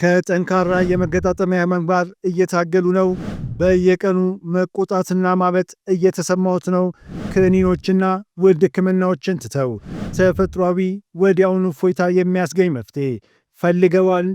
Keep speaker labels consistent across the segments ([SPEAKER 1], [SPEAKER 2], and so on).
[SPEAKER 1] ከጠንካራ የመገጣጠሚያ መግባር እየታገሉ ነው። በየቀኑ መቆጣትና ማበጥ እየተሰማዎት ነው? ክኒኖችና ውድ ሕክምናዎችን ትተው ተፈጥሯዊ ወዲያውኑ እፎይታ የሚያስገኝ መፍትሄ ፈልገዋል?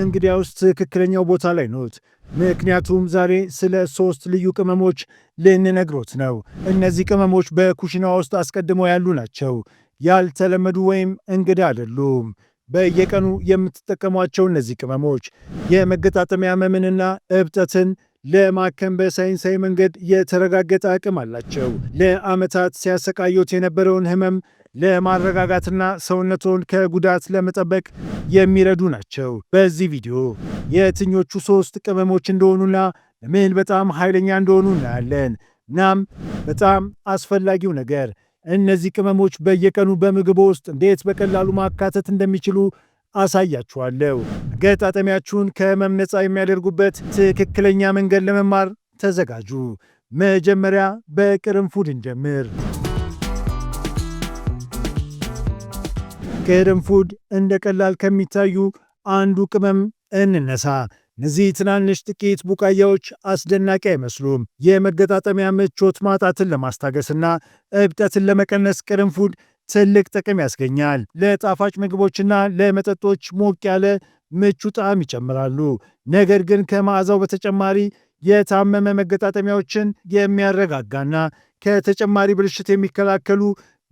[SPEAKER 1] እንግዲያውስ ትክክለኛው ቦታ ላይ ኖት። ምክንያቱም ዛሬ ስለ ሶስት ልዩ ቅመሞች ልንነግሮት ነው። እነዚህ ቅመሞች በኩሽና ውስጥ አስቀድሞ ያሉ ናቸው። ያልተለመዱ ወይም እንግዳ አይደሉም። በየቀኑ የምትጠቀሟቸው እነዚህ ቅመሞች የመገጣጠሚያ ህመምንና እብጠትን ለማከም በሳይንሳዊ መንገድ የተረጋገጠ አቅም አላቸው። ለዓመታት ሲያሰቃዩት የነበረውን ህመም ለማረጋጋትና ሰውነቶን ከጉዳት ለመጠበቅ የሚረዱ ናቸው። በዚህ ቪዲዮ የትኞቹ ሶስት ቅመሞች እንደሆኑና ለምን በጣም ኃይለኛ እንደሆኑ እናያለን። እናም በጣም አስፈላጊው ነገር እነዚህ ቅመሞች በየቀኑ በምግቦ ውስጥ እንዴት በቀላሉ ማካተት እንደሚችሉ አሳያችኋለሁ። ገጣጠሚያችሁን ከህመም ነፃ የሚያደርጉበት ትክክለኛ መንገድ ለመማር ተዘጋጁ። መጀመሪያ በቅርንፉድ እንጀምር። ቅርንፉድ እንደ ቀላል ከሚታዩ አንዱ ቅመም እንነሳ። እነዚህ ትናንሽ ጥቂት ቡቃያዎች አስደናቂ አይመስሉም። የመገጣጠሚያ ምቾት ማጣትን ለማስታገስና እብጠትን ለመቀነስ ቅርንፉድ ትልቅ ጥቅም ያስገኛል። ለጣፋጭ ምግቦችና ለመጠጦች ሞቅ ያለ ምቹ ጣዕም ይጨምራሉ። ነገር ግን ከመዓዛው በተጨማሪ የታመመ መገጣጠሚያዎችን የሚያረጋጋና ከተጨማሪ ብልሽት የሚከላከሉ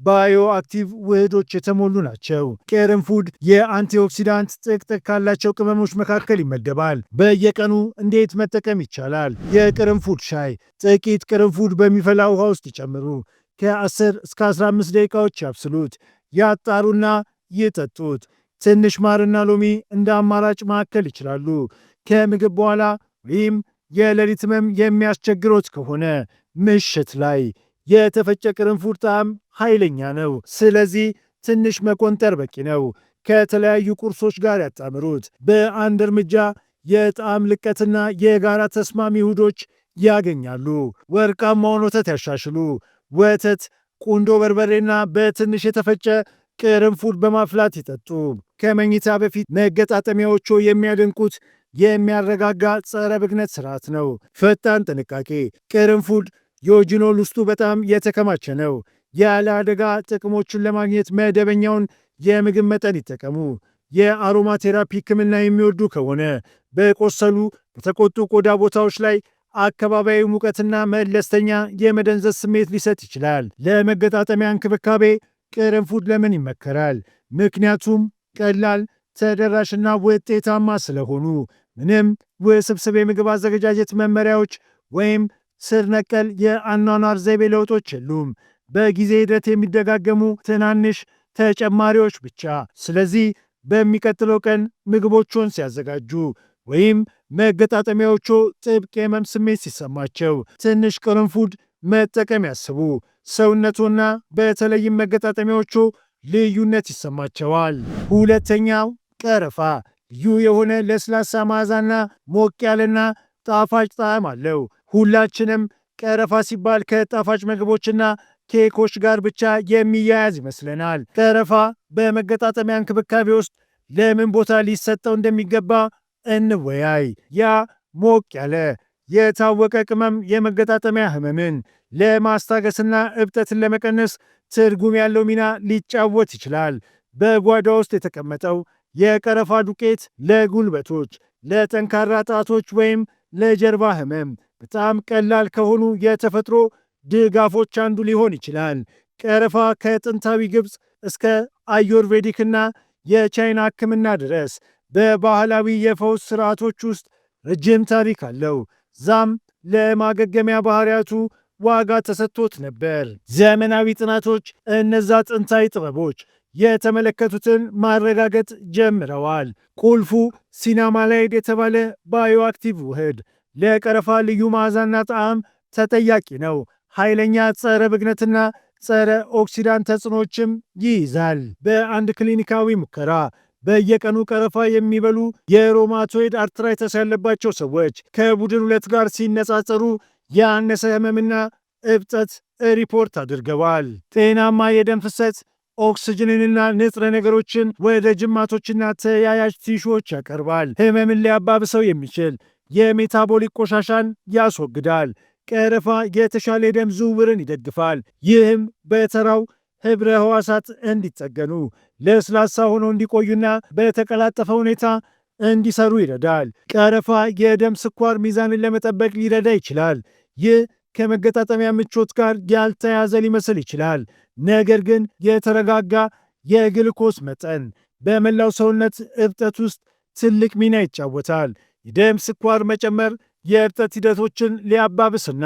[SPEAKER 1] ባዮ አክቲቭ ውህዶች የተሞሉ ናቸው። የአንቲ የአንቲኦክሲዳንት ጥቅጥቅ ካላቸው ቅመሞች መካከል ይመደባል። በየቀኑ እንዴት መጠቀም ይቻላል? የቅርንፉድ ሻይ ጥቂት ቅርንፉድ በሚፈላ ውሃ ውስጥ ይጨምሩ። ከ10 እስከ 15 ደቂቃዎች ያብስሉት። ያጣሩና ይጠጡት። ትንሽ ማርና ሎሚ እንደ አማራጭ ማከል ይችላሉ። ከምግብ በኋላ ወይም የሌሊት ህመም የሚያስቸግሮት ከሆነ ምሽት ላይ የተፈጨ ቅርንፉድ ጣዕም ኃይለኛ ነው። ስለዚህ ትንሽ መቆንጠር በቂ ነው። ከተለያዩ ቁርሶች ጋር ያጣምሩት። በአንድ እርምጃ የጣዕም ልቀትና የጋራ ተስማሚ ውህዶች ያገኛሉ። ወርቃማውን ወተት ያሻሽሉ። ወተት፣ ቁንዶ በርበሬና በትንሽ የተፈጨ ቅርንፉድ በማፍላት ይጠጡ። ከመኝታ በፊት መገጣጠሚያዎቹ የሚያደንቁት የሚያረጋጋ ጸረ ብግነት ስርዓት ነው። ፈጣን ጥንቃቄ ቅርንፉድ የኦጂኖል ውስጡ በጣም የተከማቸ ነው። ያለ አደጋ ጥቅሞቹን ለማግኘት መደበኛውን የምግብ መጠን ይጠቀሙ። የአሮማ ቴራፒ ሕክምና የሚወዱ ከሆነ በቆሰሉ በተቆጡ ቆዳ ቦታዎች ላይ አካባቢያዊ ሙቀትና መለስተኛ የመደንዘዝ ስሜት ሊሰጥ ይችላል። ለመገጣጠሚያ እንክብካቤ ቅርንፉድ ለምን ይመከራል? ምክንያቱም ቀላል ተደራሽና ውጤታማ ስለሆኑ። ምንም ውስብስብ የምግብ አዘገጃጀት መመሪያዎች ወይም ስር ነቀል የአኗኗር ዘይቤ ለውጦች የሉም፣ በጊዜ ሂደት የሚደጋገሙ ትናንሽ ተጨማሪዎች ብቻ። ስለዚህ በሚቀጥለው ቀን ምግቦቹን ሲያዘጋጁ ወይም መገጣጠሚያዎቹ ጥብቅ የህመም ስሜት ሲሰማቸው ትንሽ ቅርንፉድ መጠቀም ያስቡ። ሰውነቱና በተለይም መገጣጠሚያዎቹ ልዩነት ይሰማቸዋል። ሁለተኛው ቀረፋ ልዩ የሆነ ለስላሳ መዓዛና ሞቅ ያለና ጣፋጭ ጣዕም አለው። ሁላችንም ቀረፋ ሲባል ከጣፋጭ ምግቦችና ኬኮች ጋር ብቻ የሚያያዝ ይመስለናል። ቀረፋ በመገጣጠሚያ እንክብካቤ ውስጥ ለምን ቦታ ሊሰጠው እንደሚገባ እንወያይ። ያ ሞቅ ያለ የታወቀ ቅመም የመገጣጠሚያ ህመምን ለማስታገስና እብጠትን ለመቀነስ ትርጉም ያለው ሚና ሊጫወት ይችላል። በጓዳ ውስጥ የተቀመጠው የቀረፋ ዱቄት ለጉልበቶች፣ ለጠንካራ ጣቶች ወይም ለጀርባ ህመም በጣም ቀላል ከሆኑ የተፈጥሮ ድጋፎች አንዱ ሊሆን ይችላል። ቀረፋ ከጥንታዊ ግብፅ እስከ አዮርቬዲክና የቻይና ህክምና ድረስ በባህላዊ የፈውስ ስርዓቶች ውስጥ ረጅም ታሪክ አለው። ዛም ለማገገሚያ ባህሪያቱ ዋጋ ተሰጥቶት ነበር። ዘመናዊ ጥናቶች እነዛ ጥንታዊ ጥበቦች የተመለከቱትን ማረጋገጥ ጀምረዋል። ቁልፉ ሲናማላይድ የተባለ ባዮአክቲቭ ውህድ ለቀረፋ ልዩ መዓዛና ጣዕም ተጠያቂ ነው። ኃይለኛ ጸረ ብግነትና ጸረ ኦክሲዳንት ተጽዕኖችም ይይዛል። በአንድ ክሊኒካዊ ሙከራ በየቀኑ ቀረፋ የሚበሉ የሮማቶይድ አርትራይተስ ያለባቸው ሰዎች ከቡድን ሁለት ጋር ሲነጻጸሩ ያነሰ ህመምና እብጠት ሪፖርት አድርገዋል። ጤናማ የደም ፍሰት ኦክስጅንንና ንጥረ ነገሮችን ወደ ጅማቶችና ተያያዥ ቲሹዎች ያቀርባል። ህመምን ሊያባብሰው የሚችል የሜታቦሊክ ቆሻሻን ያስወግዳል። ቀረፋ የተሻለ የደም ዝውውርን ይደግፋል። ይህም በተራው ህብረ ህዋሳት እንዲጠገኑ ለስላሳ ሆነው እንዲቆዩና በተቀላጠፈ ሁኔታ እንዲሰሩ ይረዳል። ቀረፋ የደም ስኳር ሚዛንን ለመጠበቅ ሊረዳ ይችላል። ይህ ከመገጣጠሚያ ምቾት ጋር ያልተያዘ ሊመስል ይችላል። ነገር ግን የተረጋጋ የግልኮስ መጠን በመላው ሰውነት እብጠት ውስጥ ትልቅ ሚና ይጫወታል። የደም ስኳር መጨመር የእብጠት ሂደቶችን ሊያባብስና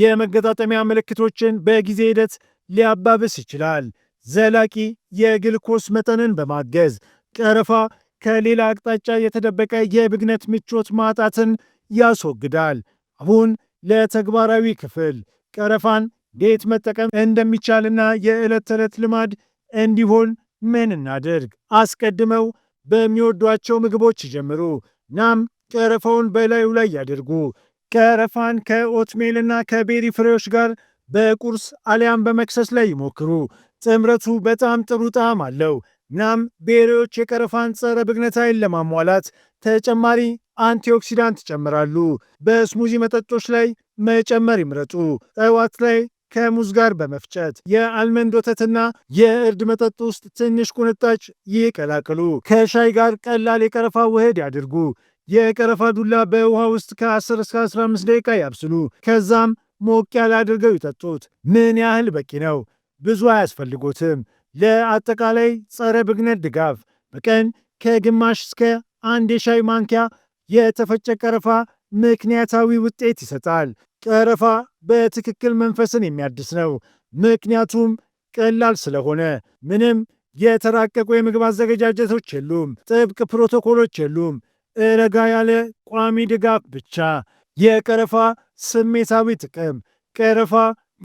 [SPEAKER 1] የመገጣጠሚያ ምልክቶችን በጊዜ ሂደት ሊያባብስ ይችላል። ዘላቂ የግልኮስ መጠንን በማገዝ ቀረፋ ከሌላ አቅጣጫ የተደበቀ የብግነት ምቾት ማጣትን ያስወግዳል። አሁን ለተግባራዊ ክፍል ቀረፋን እንዴት መጠቀም እንደሚቻልና የዕለት ተዕለት ልማድ እንዲሆን ምን እናድርግ? አስቀድመው በሚወዷቸው ምግቦች ይጀምሩ። ናም ቀረፋውን በላዩ ላይ ያድርጉ። ቀረፋን ከኦትሜልና ከቤሪ ፍሬዎች ጋር በቁርስ አሊያም በመክሰስ ላይ ይሞክሩ። ጥምረቱ በጣም ጥሩ ጣዕም አለው። ናም ቤሪዎች የቀረፋን ጸረ ብግነት ኃይል ለማሟላት ተጨማሪ አንቲኦክሲዳንት ይጨምራሉ። በስሙዚ መጠጦች ላይ መጨመር ይምረጡ። ጠዋት ላይ ከሙዝ ጋር በመፍጨት የአልመንድ ወተትና የእርድ መጠጥ ውስጥ ትንሽ ቁንጣጭ ይቀላቅሉ። ከሻይ ጋር ቀላል የቀረፋ ውህድ ያድርጉ። የቀረፋ ዱላ በውሃ ውስጥ ከ10 እስከ 15 ደቂቃ ያብስሉ። ከዛም ሞቅ ያለ አድርገው ይጠጡት። ምን ያህል በቂ ነው? ብዙ አያስፈልጎትም። ለአጠቃላይ ጸረ ብግነት ድጋፍ በቀን ከግማሽ እስከ አንድ የሻይ ማንኪያ የተፈጨ ቀረፋ ምክንያታዊ ውጤት ይሰጣል። ቀረፋ በትክክል መንፈስን የሚያድስ ነው፣ ምክንያቱም ቀላል ስለሆነ። ምንም የተራቀቁ የምግብ አዘገጃጀቶች የሉም፣ ጥብቅ ፕሮቶኮሎች የሉም፣ ረጋ ያለ ቋሚ ድጋፍ ብቻ። የቀረፋ ስሜታዊ ጥቅም፣ ቀረፋ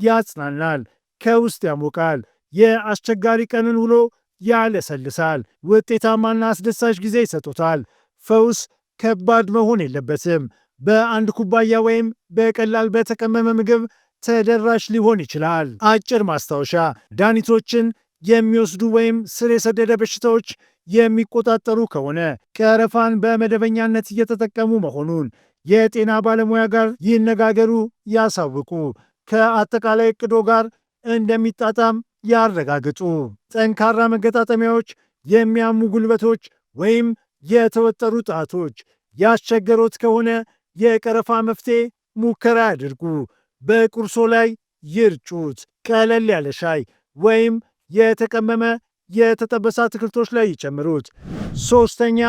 [SPEAKER 1] ያጽናናል፣ ከውስጥ ያሞቃል፣ የአስቸጋሪ ቀንን ውሎ ያለሰልሳል፣ ውጤታማና አስደሳች ጊዜ ይሰጡታል። ፈውስ ከባድ መሆን የለበትም። በአንድ ኩባያ ወይም በቀላል በተቀመመ ምግብ ተደራሽ ሊሆን ይችላል። አጭር ማስታወሻ፣ ዳኒቶችን የሚወስዱ ወይም ስር የሰደደ በሽታዎች የሚቆጣጠሩ ከሆነ ቀረፋን በመደበኛነት እየተጠቀሙ መሆኑን የጤና ባለሙያ ጋር ይነጋገሩ፣ ያሳውቁ። ከአጠቃላይ እቅዶ ጋር እንደሚጣጣም ያረጋግጡ። ጠንካራ መገጣጠሚያዎች፣ የሚያሙ ጉልበቶች ወይም የተወጠሩ ጣቶች። ያስቸገሮት ከሆነ የቀረፋ መፍትሄ ሙከራ ያድርጉ። በቁርሶ ላይ ይርጩት። ቀለል ያለ ሻይ ወይም የተቀመመ የተጠበሰ አትክልቶች ላይ ይጨምሩት። ሶስተኛ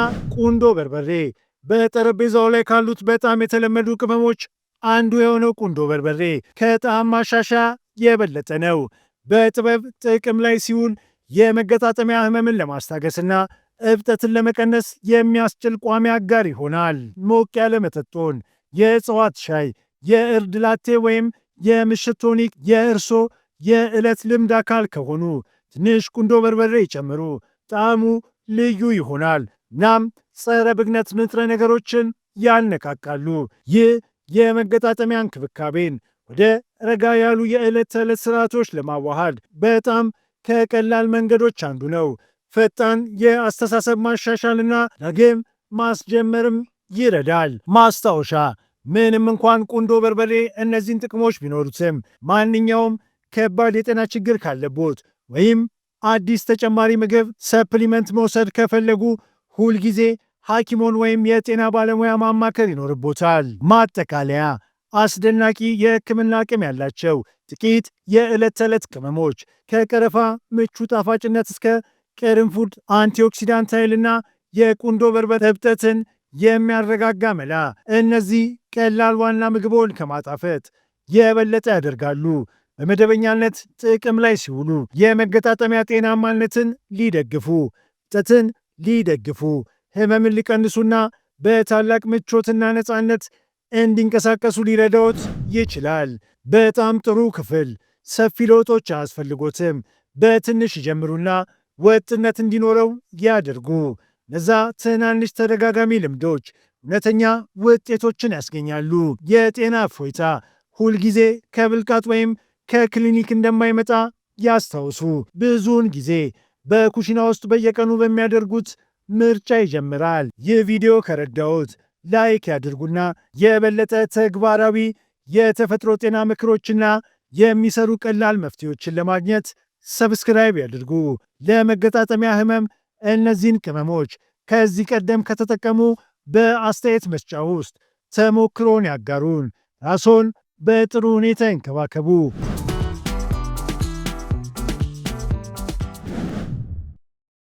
[SPEAKER 1] ቁንዶ በርበሬ። በጠረጴዛው ላይ ካሉት በጣም የተለመዱ ቅመሞች አንዱ የሆነው ቁንዶ በርበሬ ከጣዕም ማሻሻ የበለጠ ነው። በጥበብ ጥቅም ላይ ሲውል የመገጣጠሚያ ህመምን ለማስታገስና እብጠትን ለመቀነስ የሚያስችል ቋሚ አጋር ይሆናል። ሞቅ ያለ መጠጦን፣ የእጽዋት ሻይ፣ የእርድ ላቴ ወይም የምሽት ቶኒክ የእርሶ የዕለት ልምድ አካል ከሆኑ ትንሽ ቁንዶ በርበሬ ይጨምሩ። ጣዕሙ ልዩ ይሆናል እናም ጸረ ብግነት ንጥረ ነገሮችን ያነቃቃሉ። ይህ የመገጣጠሚያ እንክብካቤን ወደ ረጋ ያሉ የዕለት ተዕለት ስርዓቶች ለማዋሃድ በጣም ከቀላል መንገዶች አንዱ ነው። ፈጣን የአስተሳሰብ ማሻሻልና ለጌም ማስጀመርም ይረዳል። ማስታወሻ ምንም እንኳን ቁንዶ በርበሬ እነዚህን ጥቅሞች ቢኖሩትም ማንኛውም ከባድ የጤና ችግር ካለቦት ወይም አዲስ ተጨማሪ ምግብ ሰፕሊመንት መውሰድ ከፈለጉ ሁልጊዜ ሐኪሞን ወይም የጤና ባለሙያ ማማከር ይኖርቦታል። ማጠቃለያ፣ አስደናቂ የህክምና አቅም ያላቸው ጥቂት የዕለት ተዕለት ቅመሞች ከቀረፋ ምቹ ጣፋጭነት እስከ ቅርንፉድ አንቲኦክሲዳንት ኃይልና የቁንዶ በርበት ህብጠትን የሚያረጋጋ መላ። እነዚህ ቀላል ዋና ምግቦን ከማጣፈጥ የበለጠ ያደርጋሉ። በመደበኛነት ጥቅም ላይ ሲውሉ የመገጣጠሚያ ጤናማነትን ሊደግፉ፣ እብጠትን ሊደግፉ፣ ህመምን ሊቀንሱና በታላቅ ምቾትና ነፃነት እንዲንቀሳቀሱ ሊረዳዎት ይችላል። በጣም ጥሩ ክፍል ሰፊ ለውጦች አያስፈልጎትም። በትንሽ ይጀምሩና ወጥነት እንዲኖረው ያደርጉ። እነዛ ትናንሽ ተደጋጋሚ ልምዶች እውነተኛ ውጤቶችን ያስገኛሉ። የጤና እፎይታ ሁልጊዜ ከብልቃጥ ወይም ከክሊኒክ እንደማይመጣ ያስታውሱ። ብዙውን ጊዜ በኩሽና ውስጥ በየቀኑ በሚያደርጉት ምርጫ ይጀምራል። ይህ ቪዲዮ ከረዳውት ላይክ ያድርጉና የበለጠ ተግባራዊ የተፈጥሮ ጤና ምክሮችና የሚሰሩ ቀላል መፍትሄዎችን ለማግኘት ሰብስክራይብ ያድርጉ። ለመገጣጠሚያ ህመም እነዚህን ቅመሞች ከዚህ ቀደም ከተጠቀሙ በአስተያየት መስጫ ውስጥ ተሞክሮን ያጋሩን። ራስዎን በጥሩ ሁኔታ ይንከባከቡ።